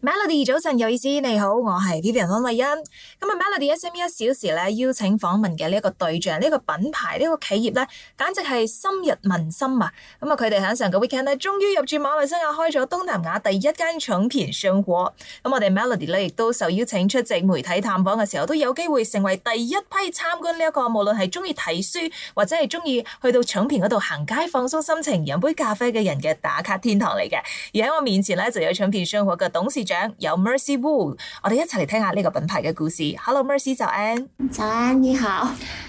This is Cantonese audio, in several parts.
Melody，早晨有意思，你好，我係 Vivian 溫慧欣。咁啊，Melody S M E 一小時咧邀請訪問嘅呢一個對象，呢、這個品牌，呢、這個企業咧，簡直係深入民心啊！咁啊，佢哋響上個 weekend 咧，終於入駐馬來西亞，開咗東南亞第一間誠品商舖。咁我哋 Melody 咧，亦都受邀請出席媒體探訪嘅時候，都有機會成為第一批參觀呢、這、一個無論係中意睇書或者係中意去到誠品嗰度行街放鬆心情、飲杯咖啡嘅人嘅打卡天堂嚟嘅。而喺我面前咧，就有誠品商舖嘅董事。長有 Mercy Wu 我哋一齊嚟聽下呢個品牌嘅故事。Hello，Mercy 早安，早安，你好。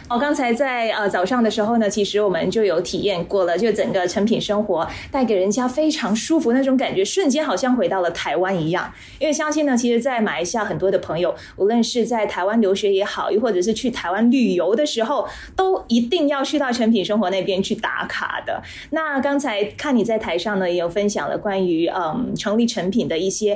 我、哦、剛才在、呃、早上的時候呢，其實我們就有體驗過了，就整個誠品生活帶給人家非常舒服那種感覺，瞬間好像回到了台灣一樣。因為相信呢，其實在馬來西亞很多的朋友，無論是在台灣留學也好，又或者是去台灣旅遊的時候，都一定要去到誠品生活那邊去打卡的。那剛才看你在台上呢，也有分享了關於嗯、呃、成立誠品的一些。